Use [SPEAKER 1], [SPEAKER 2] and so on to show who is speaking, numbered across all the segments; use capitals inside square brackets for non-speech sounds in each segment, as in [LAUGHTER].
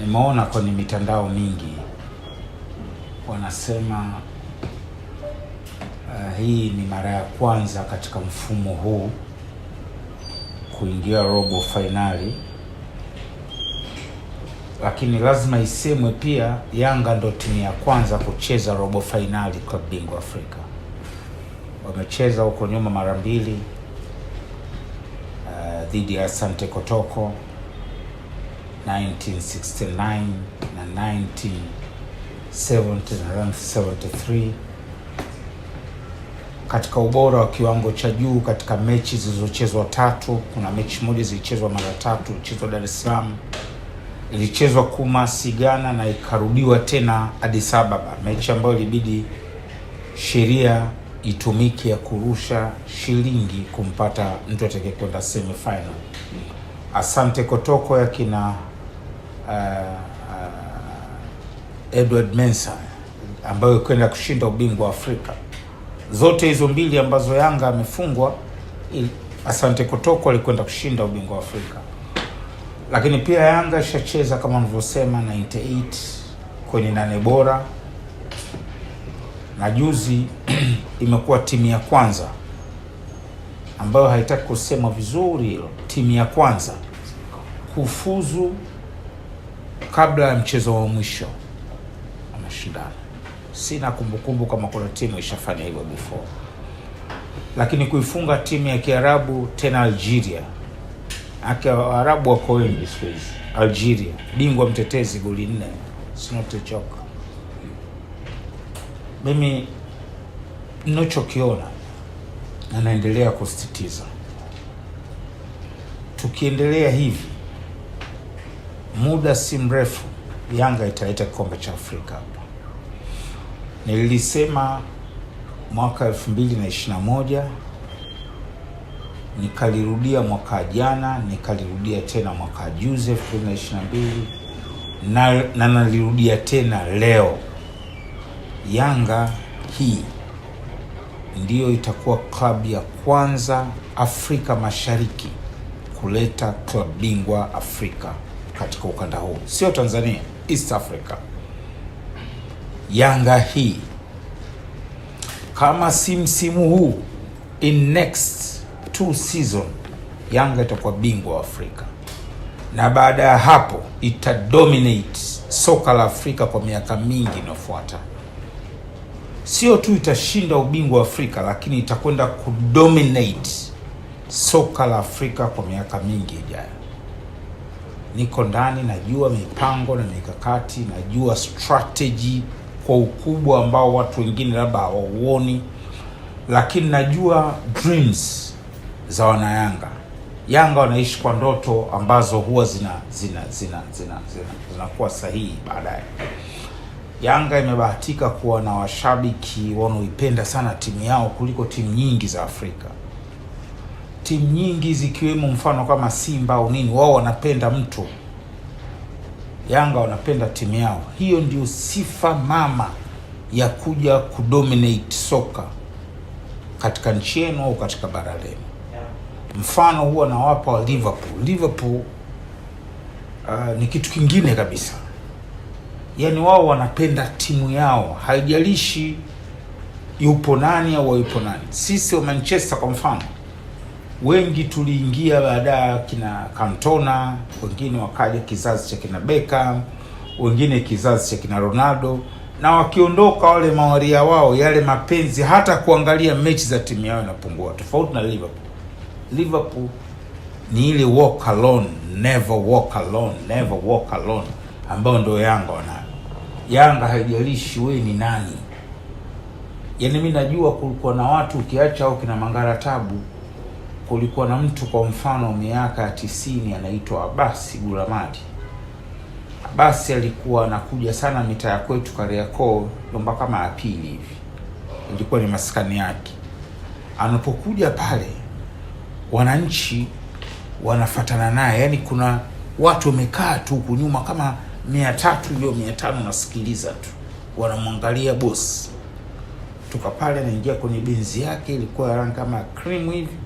[SPEAKER 1] Nimeona kwenye mitandao mingi wanasema uh, hii ni mara ya kwanza katika mfumo huu kuingia robo fainali, lakini lazima isemwe pia, Yanga ndo timu ya kwanza kucheza robo fainali kwa bingwa Afrika. Wamecheza huko nyuma mara mbili eh, dhidi uh, ya Asante Kotoko 1969 na 1970 na 1973 katika ubora wa kiwango cha juu katika mechi zilizochezwa tatu. Kuna mechi moja zilichezwa mara tatu, ilichezwa Dar es Salaam, ilichezwa Kumasi Ghana, na ikarudiwa tena Addis Ababa, mechi ambayo ilibidi sheria itumike ya kurusha shilingi kumpata mtu atakayekwenda kwenda semi final. Asante Kotoko ya kina Uh, uh, Edward Mensa ambayo kwenda kushinda ubingwa wa Afrika. Zote hizo mbili ambazo Yanga amefungwa, Asante Kotoko alikwenda kushinda ubingwa wa Afrika, lakini pia Yanga ishacheza kama nilivyosema 98 kwenye nane bora na juzi [CLEARS THROAT] imekuwa timu ya kwanza ambayo haitaki kusema vizuri, timu ya kwanza kufuzu kabla ya mchezo wa mwisho wa mashindano. Sina kumbukumbu kama kuna timu ishafanya hivyo before, lakini kuifunga timu ya Kiarabu tena Algeria, Waarabu wako wengi siku hizi. Algeria bingwa mtetezi, goli nne, sinotechoka mimi ninachokiona anaendelea kustitiza kusisitiza, tukiendelea hivi muda si mrefu Yanga italeta kikombe cha Afrika Nilisema mwaka 2021 nikalirudia mwaka jana, nikalirudia tena mwaka juzi 2022 na, na nalirudia tena leo. Yanga hii ndiyo itakuwa klabu ya kwanza Afrika Mashariki kuleta klabu bingwa Afrika katika ukanda huu, sio Tanzania, East Africa. Yanga hii kama si msimu huu, in next two season Yanga itakuwa bingwa wa Afrika, na baada ya hapo dominate soka la Afrika kwa miaka mingi inayofuata. Sio tu itashinda ubingwa wa Afrika, lakini itakwenda kudominate soka la Afrika kwa miaka mingi ijayo niko ndani, najua mipango na mikakati, najua strategy kwa ukubwa ambao watu wengine labda hawauoni, lakini najua dreams za wanayanga. Yanga wanaishi kwa ndoto ambazo huwa zina zina zina zina zinakuwa zina sahihi baadaye. Yanga imebahatika kuwa na washabiki wanaoipenda sana timu yao kuliko timu nyingi za Afrika timu nyingi zikiwemo mfano kama Simba au nini, wao wanapenda mtu. Yanga wanapenda timu yao. Hiyo ndio sifa mama ya kuja kudominate soka katika nchi yenu au katika bara lenu. Mfano huwa nawapa wa Liverpool. Liverpool uh, ni kitu kingine kabisa, yaani wao wanapenda timu yao, haijalishi yupo nani au hayupo nani. Sisi wa Manchester kwa mfano wengi tuliingia baadaye kina Cantona, wengine wakaja kizazi cha kina Beckham, wengine kizazi cha kina Ronaldo, na wakiondoka wale mawaria wao, yale mapenzi hata kuangalia mechi za timu yao inapungua, tofauti na Liverpool. Liverpool ni ile walk alone, never walk alone, never walk alone ambayo ndio Yanga wanayo. Yanga haijalishi wewe ni nani. Yaani mimi najua kulikuwa na watu ukiacha au kina Mangara Tabu kulikuwa na mtu kwa mfano miaka ya tisini anaitwa Abasi Gulamadi. Abasi alikuwa anakuja sana mitaa ya kwetu Kariakoo, nyumba kama ya pili hivi ilikuwa ni maskani yake. Anapokuja pale, wananchi wanafatana naye, yaani kuna watu wamekaa tu huku nyuma kama mia tatu ndio mia tano nasikiliza tu, wanamwangalia bosi. Toka pale anaingia kwenye benzi yake, ilikuwa rangi kama cream hivi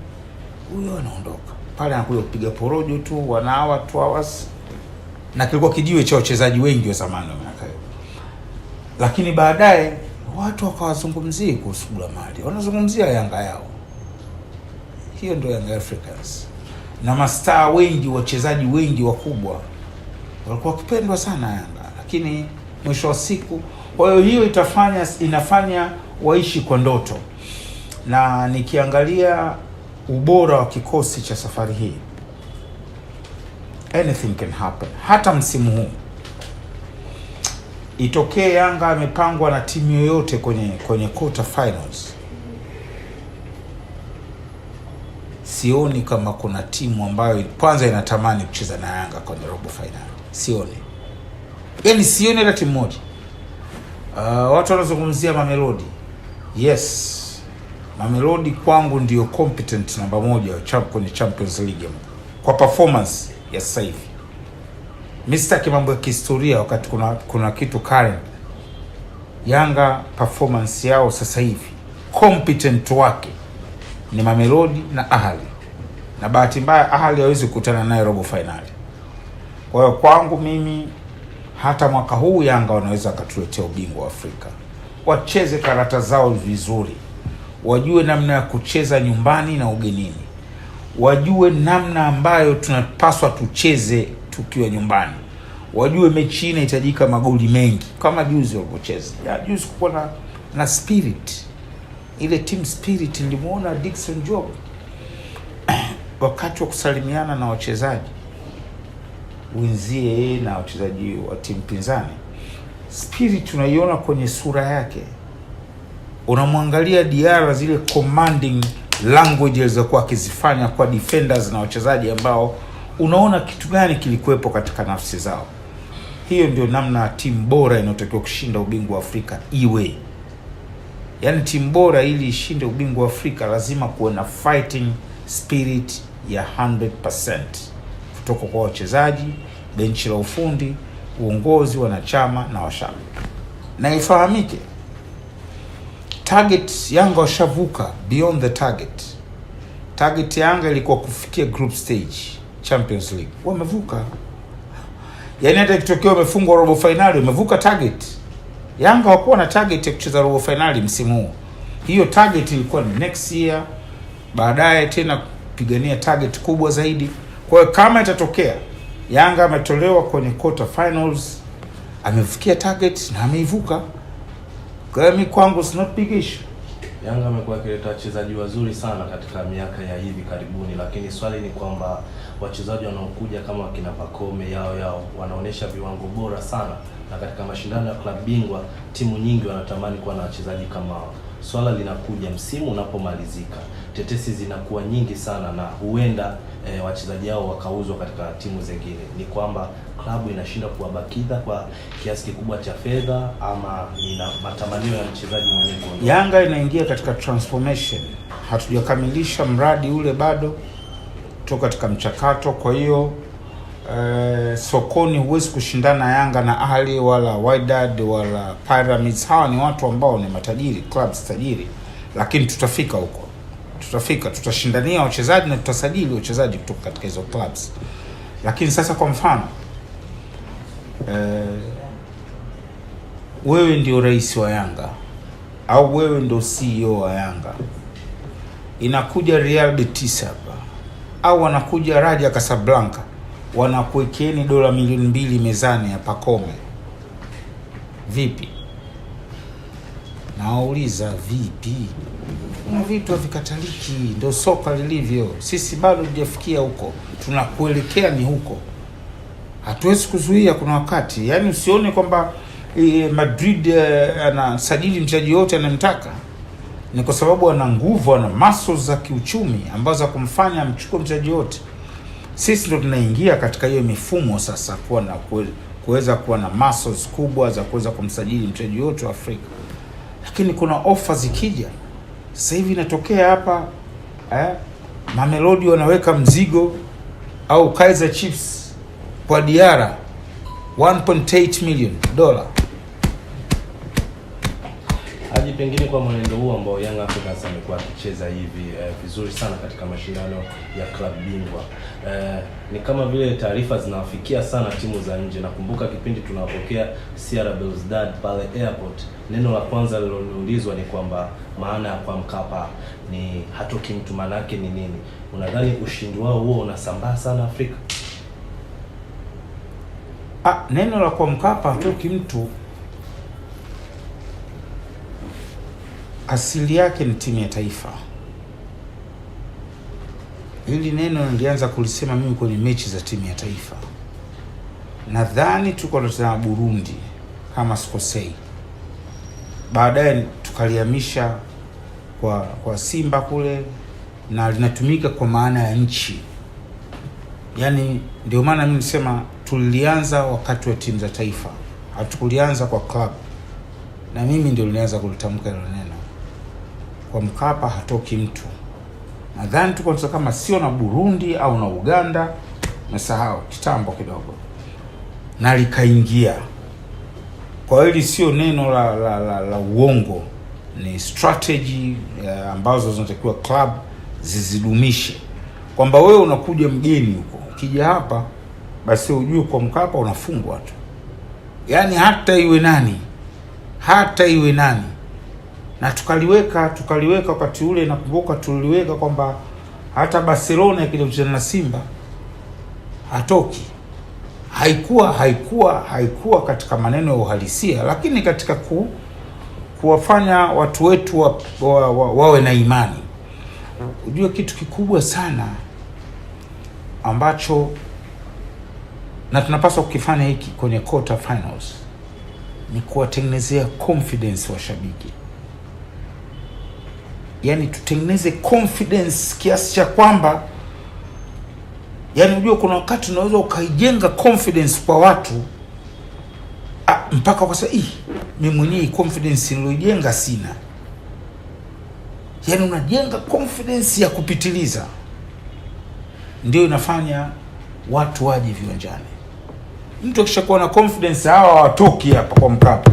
[SPEAKER 1] huyo anaondoka pale, anakuja kupiga porojo tu, wanahawa two hours, na kilikuwa kijiwe cha wachezaji wengi wa zamani wa miaka hiyo. Lakini baadaye watu wakawazungumzie kuhusu Gulamali, wanazungumzia Yanga yao, hiyo ndio Yanga Africans na mastaa wengi, wachezaji wengi wakubwa walikuwa wakipendwa sana Yanga, lakini mwisho wa siku. Kwa hiyo hiyo itafanya inafanya waishi kwa ndoto, na nikiangalia ubora wa kikosi cha safari hii, anything can happen. Hata msimu huu itokee Yanga amepangwa na timu yoyote kwenye kwenye quarter finals, sioni kama kuna timu ambayo kwanza inatamani kucheza na Yanga kwenye robo final, sioni yani, sioni hata timu moja. Uh, watu wanazungumzia Mamelodi, yes Mamelodi kwangu ndiyo competent namba moja kwenye Champions League kwa performance ya sasa hivi. Mimi sitaki mambo ya kihistoria wakati kuna, kuna kitu current. Yanga performance yao sasa hivi competent wake ni Mamelodi na ahali na bahati mbaya Ahli hawezi kukutana naye robo finali. Kwa hiyo kwangu mimi hata mwaka huu Yanga wanaweza wakatuletea ubingwa wa Afrika, wacheze karata zao vizuri wajue namna ya kucheza nyumbani na ugenini, wajue namna ambayo tunapaswa tucheze tukiwa nyumbani, wajue mechi inahitajika magoli mengi kama juzi walivyocheza. Juzi kukuwa na, na spirit ile team spirit. Nilimuona Dickson Job [CLEARS THROAT] wakati wa kusalimiana na wachezaji wenzie na wachezaji wa timu pinzani, spirit tunaiona kwenye sura yake unamwangalia Diara zile commanding language alizokuwa akizifanya kwa defenders na wachezaji ambao unaona kitu gani kilikuwepo katika nafsi zao. Hiyo ndio namna timu bora inayotakiwa kushinda ubingwa wa Afrika iwe. Yaani timu bora ili ishinde ubingwa wa Afrika lazima kuwe na fighting spirit ya 100% kutoka kwa wachezaji, benchi la ufundi, uongozi, wanachama na washabiki. Na ifahamike target Yanga washavuka beyond the target. Target Yanga ilikuwa kufikia group stage Champions League, wamevuka. Yaani hata ikitokea wamefungwa robo finali, wamevuka target. Yanga wakuwa na target ya kucheza robo finali msimu huu. Hiyo target ilikuwa ni next year, baadaye tena kupigania target kubwa zaidi. Kwa hiyo kama itatokea Yanga ametolewa kwenye quarter finals, amefikia target na ameivuka. Kwa hiyo mimi kwangu si
[SPEAKER 2] Yanga amekuwa akileta wachezaji wazuri sana katika miaka ya hivi karibuni, lakini swali ni kwamba wachezaji wanaokuja kama wakina Pakome yao yao wanaonyesha viwango bora sana, na katika mashindano ya klabu bingwa timu nyingi wanatamani kuwa na wachezaji kama hao. Swala linakuja msimu unapomalizika, tetesi zinakuwa nyingi sana na huenda e, wachezaji hao wakauzwa katika timu zingine, ni kwamba klabu inashindwa kuwabakiza kwa kiasi kikubwa cha fedha, ama ina matamanio ya mchezaji mwenyewe.
[SPEAKER 1] Yanga inaingia katika transformation, hatujakamilisha mradi ule bado, tuko katika mchakato. Kwa hiyo e, sokoni huwezi kushindana Yanga na Ahli wala Wydad wala Pyramids. Hawa ni watu ambao ni matajiri, clubs tajiri, lakini tutafika huko tutafika, tutashindania wachezaji na tutasajili wachezaji kutoka katika hizo clubs. Lakini sasa kwa mfano eh, wewe ndio rais wa Yanga au wewe ndio CEO wa Yanga, inakuja Real Betis hapa au wanakuja Raja kasablanka wanakuwekeeni dola milioni mbili mezani ya Pakome, vipi? Nawauliza vipi? na vitu havikataliki, ndio soka lilivyo. Sisi bado hatujafikia huko, tunakuelekea ni huko, hatuwezi kuzuia. Kuna wakati yani, usione kwamba eh, Madrid eh, anasajili mchezaji yote anamtaka, ni kwa sababu ana nguvu, ana muscles za kiuchumi ambazo za kumfanya amchukue mchezaji yote. Sisi ndo tunaingia katika hiyo mifumo sasa, kuwa na kuweza kuwa na muscles kubwa za kuweza kumsajili mchezaji yote wa Afrika, lakini kuna ofa zikija sasa hivi inatokea hapa eh, Mamelodi wanaweka mzigo au Kaiser Chiefs kwa Diara 1.8 million dola
[SPEAKER 2] pengine kwa mwenendo huu ambao Young Africans amekuwa akicheza hivi eh, vizuri sana katika mashindano ya klabu bingwa eh, ni kama vile taarifa zinawafikia sana timu za nje. Nakumbuka kipindi tunapokea CR Belouizdad pale airport, neno la kwanza liloniulizwa ni kwamba maana ya kwa Mkapa ni hatoki mtu, maana ni nini? Unadhani ushindi wao huo unasambaa sana Afrika?
[SPEAKER 1] Ah, neno la kwa Mkapa hatoki mtu asili yake ni timu ya taifa. Hili neno nilianza kulisema mimi kwenye mechi za timu ya taifa, nadhani tuko na Burundi kama sikosei, baadaye tukalihamisha kwa kwa Simba kule, na linatumika kwa maana ya nchi. Yaani ndio maana mimi nisema tulianza wakati wa timu za taifa, hatukulianza kwa club, na mimi ndio nilianza kulitamka hilo neno kwa Mkapa hatoki mtu. Nadhani tuko nchi kama sio na Burundi au na Uganda, nasahau kitambo kidogo, na likaingia. Kwa hili sio neno la, la, la, la uongo, ni strategy eh, ambazo zinatakiwa club zizidumishe kwamba wewe unakuja mgeni huko, ukija hapa basi ujue kwa Mkapa unafungwa tu, yaani hata iwe nani, hata iwe nani na tukaliweka tukaliweka wakati ule, nakumbuka tuliweka kwamba hata Barcelona ikikucheza na Simba hatoki. Haikuwa haikuwa haikuwa katika maneno ya uhalisia, lakini katika ku, kuwafanya watu wetu wa, wa, wa, wawe na imani. Ujue kitu kikubwa sana ambacho na tunapaswa kukifanya hiki kwenye quarter finals ni kuwatengenezea confidence washabiki yani tutengeneze confidence kiasi cha kwamba yani, unajua kuna wakati unaweza ukaijenga confidence kwa watu a, ah, mpaka kwa mi hii mimi mwenyewe confidence niliyojenga sina. Yani unajenga confidence ya kupitiliza, ndio inafanya watu waje viwanjani. Mtu akishakuwa na confidence, hawa watoki hapa kwa Mkapa,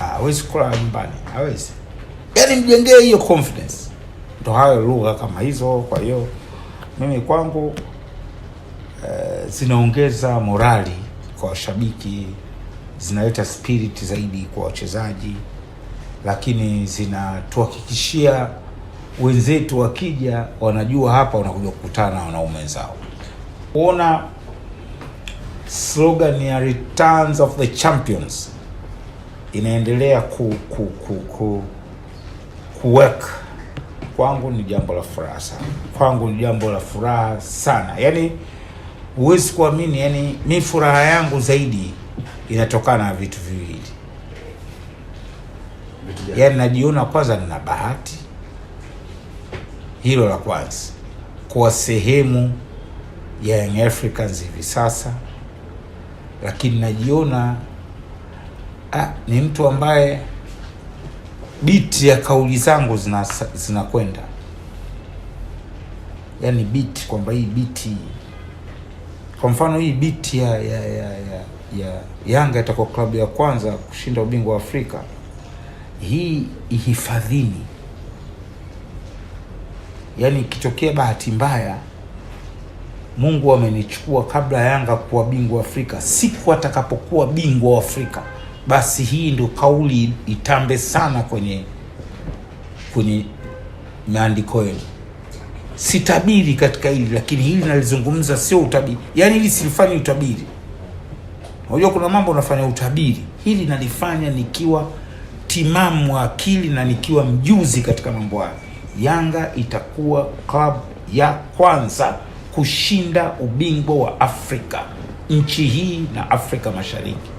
[SPEAKER 1] ah, hawezi kula nyumbani, hawezi. Yani mjengee hiyo confidence ndo hayo lugha kama hizo. Kwa hiyo mimi kwangu e, zinaongeza morali kwa washabiki, zinaleta spirit zaidi kwa wachezaji, lakini zinatuhakikishia wenzetu wakija wanajua hapa wanakuja kukutana na wanaume zao. Kuona slogan ya Returns of the Champions inaendelea ku, ku, ku, ku, ku work kwangu ni jambo la furaha sana, kwangu ni jambo la furaha sana. Yani huwezi kuamini, yani mi furaha yangu zaidi inatokana na vitu viwili, yaani najiona kwanza nina bahati, hilo la kwanza, kuwa sehemu ya Young Africans hivi sasa, lakini najiona ah, ni mtu ambaye biti ya kauli zangu zinakwenda zina, yani biti kwamba hii biti, kwa mfano hii biti ya ya ya, ya, ya Yanga itakuwa klabu ya kwanza kushinda ubingwa wa Afrika, hii ihifadhini. Yani ikitokea bahati mbaya Mungu amenichukua kabla ya Yanga kuwa bingwa Afrika, siku atakapokuwa bingwa wa Afrika basi hii ndio kauli itambe sana kwenye kwenye maandiko yenu. Sitabiri katika hili, lakini hili nalizungumza, sio utabiri. Yaani hili silifanyi utabiri. Unajua kuna mambo unafanya utabiri, hili nalifanya nikiwa timamu wa akili na nikiwa mjuzi katika mambo hayo. Yanga itakuwa klabu ya kwanza kushinda ubingwa wa Afrika, nchi hii na Afrika Mashariki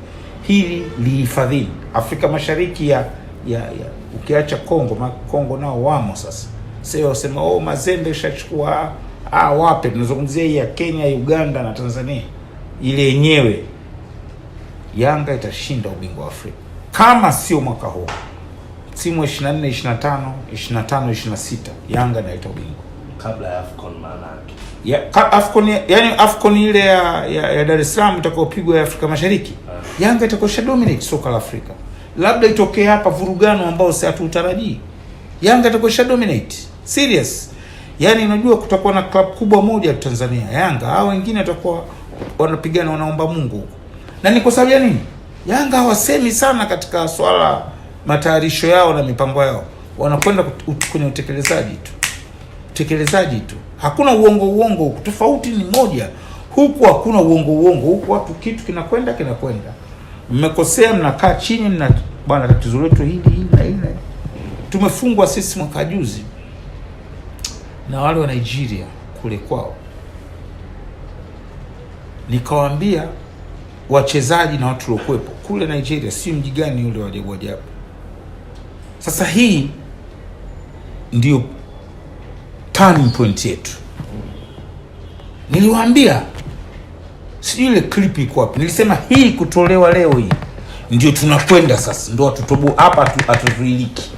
[SPEAKER 1] hili lihifadhili Afrika Mashariki ya, ya, ya ukiacha Kongo ma Kongo nao wamo sasa. Sio sema oh, Mazembe shachukua ah, ah wape tunazungumzia ya Kenya, Uganda na Tanzania. Ile yenyewe Yanga itashinda ubingwa wa Afrika kama sio mwaka huu, timu 24 25 25 26 Yanga inaita ubingwa
[SPEAKER 2] kabla ya Afcon maana
[SPEAKER 1] yake ya, Afcon yani Afcon ile ya, ya, ya Dar es Salaam itakayopigwa ya Afrika Mashariki Yanga itakosha dominate soka la Afrika, labda itokee hapa vurugano ambao si hatuutarajii. Yanga itakosha dominate serious, yaani unajua kutakuwa na club kubwa moja Tanzania Yanga, au wengine watakuwa wanapigana wanaomba Mungu. Na ni kwa sababu ya nini? Yanga hawasemi sana katika swala matayarisho yao na mipango yao, wanakwenda kwenye utekelezaji tu, utekelezaji tu, hakuna uongo uongo. Tofauti ni moja, huku hakuna uongo uongo, huku watu kitu kinakwenda kinakwenda mmekosea, mnakaa chini, mna bwana, tatizo letu hili hili na hili. Tumefungwa sisi mwaka juzi na wale wa Nigeria kule kwao. Nikawaambia wachezaji na watu liokuwepo kule Nigeria, si mji gani ule wa ajabu Sasa hii ndio turning point yetu, niliwaambia Sijui ile clip iko wapi. Nilisema hii kutolewa leo hii ndio tunakwenda sasa, ndio atutoboa hapa, hatuzuiliki.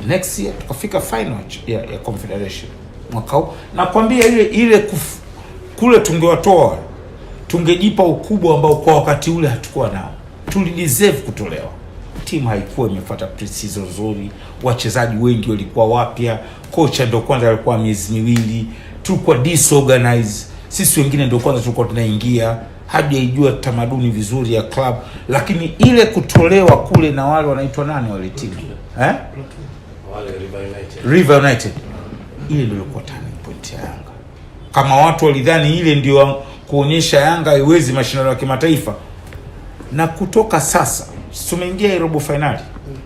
[SPEAKER 1] The next year tukafika final ya, ya Confederation mwaka huu, nakwambia ile ile kuf, kule tungewatoa tungejipa ukubwa ambao kwa wakati ule hatukuwa nao. Tulideserve kutolewa. Timu haikuwa imefuata pre nzuri, wachezaji wengi walikuwa wapya, kocha ndio kwanza alikuwa miezi miwili, tulikuwa disorganized sisi wengine ndio kwanza tulikuwa tunaingia, hajaijua tamaduni vizuri ya club, lakini ile kutolewa kule na wale wanaitwa nani wale team eh,
[SPEAKER 2] wale River United,
[SPEAKER 1] River United, ile ndio ilikuwa turning point ya Yanga. Kama watu walidhani ile ndio kuonyesha Yanga iwezi mashindano ya kimataifa, na kutoka sasa tumeingia robo finali mm.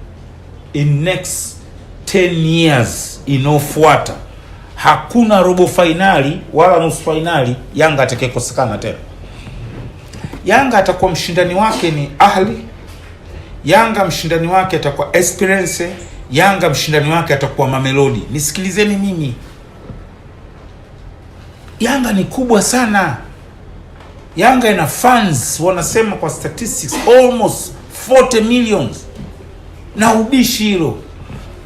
[SPEAKER 1] in next 10 years inaofuata hakuna robo fainali wala nusu fainali Yanga atakayekosekana tena. Yanga atakuwa mshindani wake ni Ahli, Yanga mshindani wake atakuwa experience Yanga mshindani wake atakuwa Mamelodi. Nisikilizeni mimi, Yanga ni kubwa sana. Yanga ina fans wanasema kwa statistics almost 40 millions, na ubishi hilo.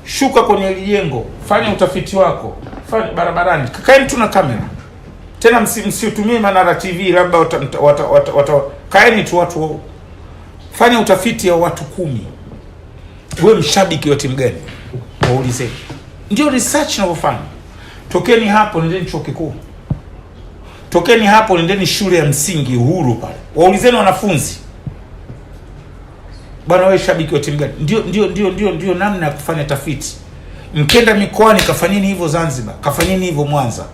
[SPEAKER 1] Shuka kwenye lijengo, fanya utafiti wako barabarani, kaeni tu na kamera tena, msi Manara TV labda wata, wata, wata, wata, kaeni tu watu, fanya utafiti wa watu kumi, we mshabiki wa timu gani, waulize. Ndio research navyofanya. Tokeni hapo nendeni chuo kikuu, tokeni hapo nendeni shule ya msingi Uhuru pale, waulizeni wanafunzi bwana, wewe shabiki wa timu gani? Ndio, ndio, ndio, ndio, ndio namna ya kufanya tafiti. Mkenda mikoani, kafanyeni hivyo Zanzibar, kafanyeni hivyo Mwanza.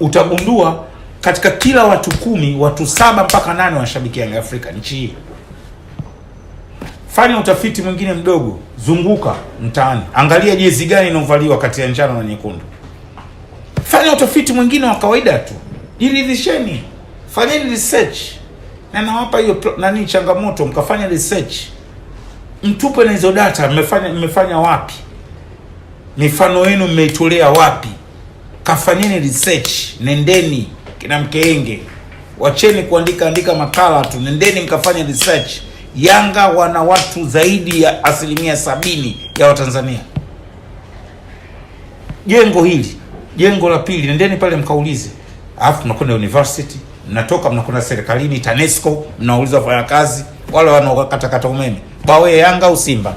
[SPEAKER 1] Utagundua katika kila watu kumi, watu saba mpaka nane wanashabiki Yanga Afrika nchi hii. Fanya utafiti mwingine mdogo, zunguka mtaani, angalia jezi gani inaovaliwa kati ya njano na nyekundu. Fanya utafiti mwingine wa kawaida tu, jiridhisheni, fanyeni research na nawapa hiyo nani changamoto, mkafanya research, mtupe na hizo data, mmefanya mmefanya wapi? Mifano yenu mmeitolea wapi? Kafanyeni research, nendeni kina Mkeenge, wacheni kuandika andika makala tu, nendeni mkafanya research. Yanga wana watu zaidi ya asilimia sabini ya Watanzania. Jengo hili jengo la pili, nendeni pale mkaulize, alafu mnakwenda university, mnatoka mnakwenda serikalini TANESCO, mnauliza wafanyakazi wale wanaokatakata umeme, bawe Yanga au Simba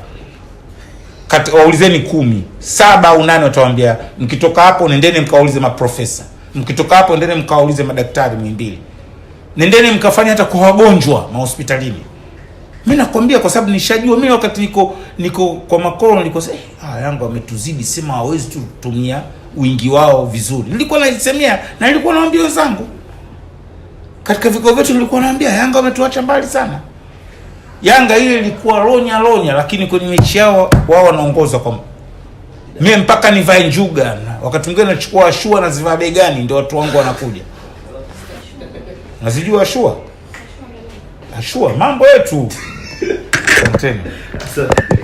[SPEAKER 1] kati waulizeni kumi, saba au nane watawaambia. Mkitoka hapo nendeni mkaulize maprofesa, mkitoka hapo nendeni mkawaulize madaktari mwimbili, nendeni mkafanya hata kwa wagonjwa mahospitalini. Mimi nakwambia kwa sababu nishajua mimi wakati niko niko kwa makoro nilikuwa eh, sasa ah, yangu ametuzidi sema hawezi tu kutumia wingi wao vizuri. Nilikuwa naisemea na nilikuwa naambia wenzangu katika vikao vyetu, nilikuwa naambia Yanga wametuacha mbali sana. Yanga ile ilikuwa ronya ronya, lakini kwenye mechi yao wao wanaongoza kwa mimi, mpaka nivae njuga, wakati mwingine nachukua ashua na zivaa begani, ndio watu wangu wanakuja. Nazijua ashua, ashua mambo yetu. [LAUGHS] Asante.